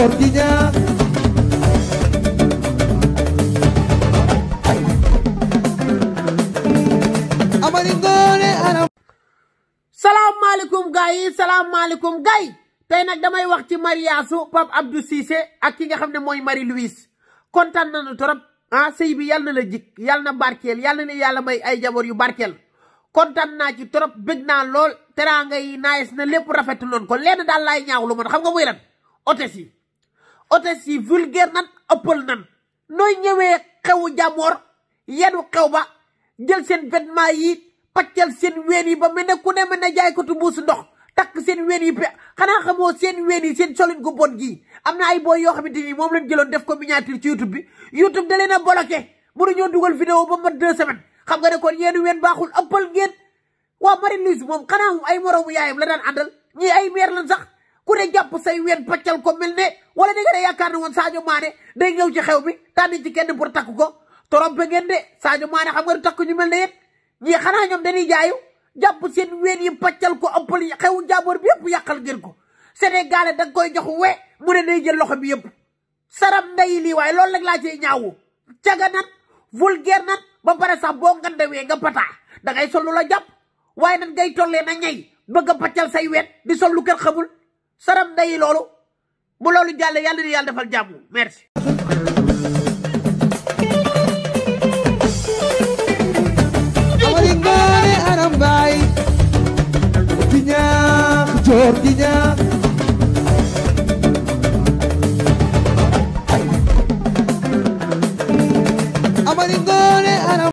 sportinya Assalamualaikum gars Assalamualaikum salaamaaleykum tay nak damay wax ci mariage u Abdou Cissé ak ki nga xamné moy Marie Louise contane nañu torop ah sey bi yàlla la jik yàlla na barkeel yàlla na yàlla may ay jabor yu barkel contane na ci torop begna lol teranga yi nice na lepp rafetlu non ko lenn dal lay ñaaw lu mon xam nga muy lan hôtesse hôtesse yi vulgaire nan opol nan noy ñewé xewu jamor yenu xew ba jël sen vêtement yi patel sen ween yi ba mel ku ne mel jaay ko tu mbuus ndox tak sen ween yi xana xamo sen ween yi sen solin gu bon gi amna ay boy yo xamante ni moom lañ def ko miniature ci youtube bi youtube da leena bloqué bloqué ñu dugal vidéo ba mat 2 semaines xam nga ne kon yéen ween baaxul opol ngeen wa Marie Louise mom xana ay morom yaayam la daan andal ñi ay mère lañ sax ku ne japp say ween patel ko melne wala di nga ne yaakaar won woon Sadio Mané day ci xew bi tan ci kenn pour takku ko trompé ngeen de Sadio Mané xam nga du takku ñu melne ne ñi xana ñom dañuy jaayu japp seen ween yi paccal ko ëppal xewu jaaboor bi yëpp yakal ngeen ko Sénégalais da nga koy jox we mu ne day jël loxo bi yëpp saram nday li way loolu nak la ci ñaawu caga nan vulgaire nan ba pare sax bo nga ndewee nga pata da ngay sol lu la jàpp waaye nan ngay tollee na ñay bëgg paccal say ween di sol lu kër xamul saram nday lolou bu lolou jalle yalla ni yalla defal merci